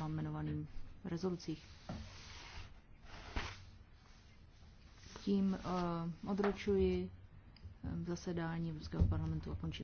mám jmenovaným rezolucích. Tím uh, odročuji eh, zasedání Evropského parlamentu a končím.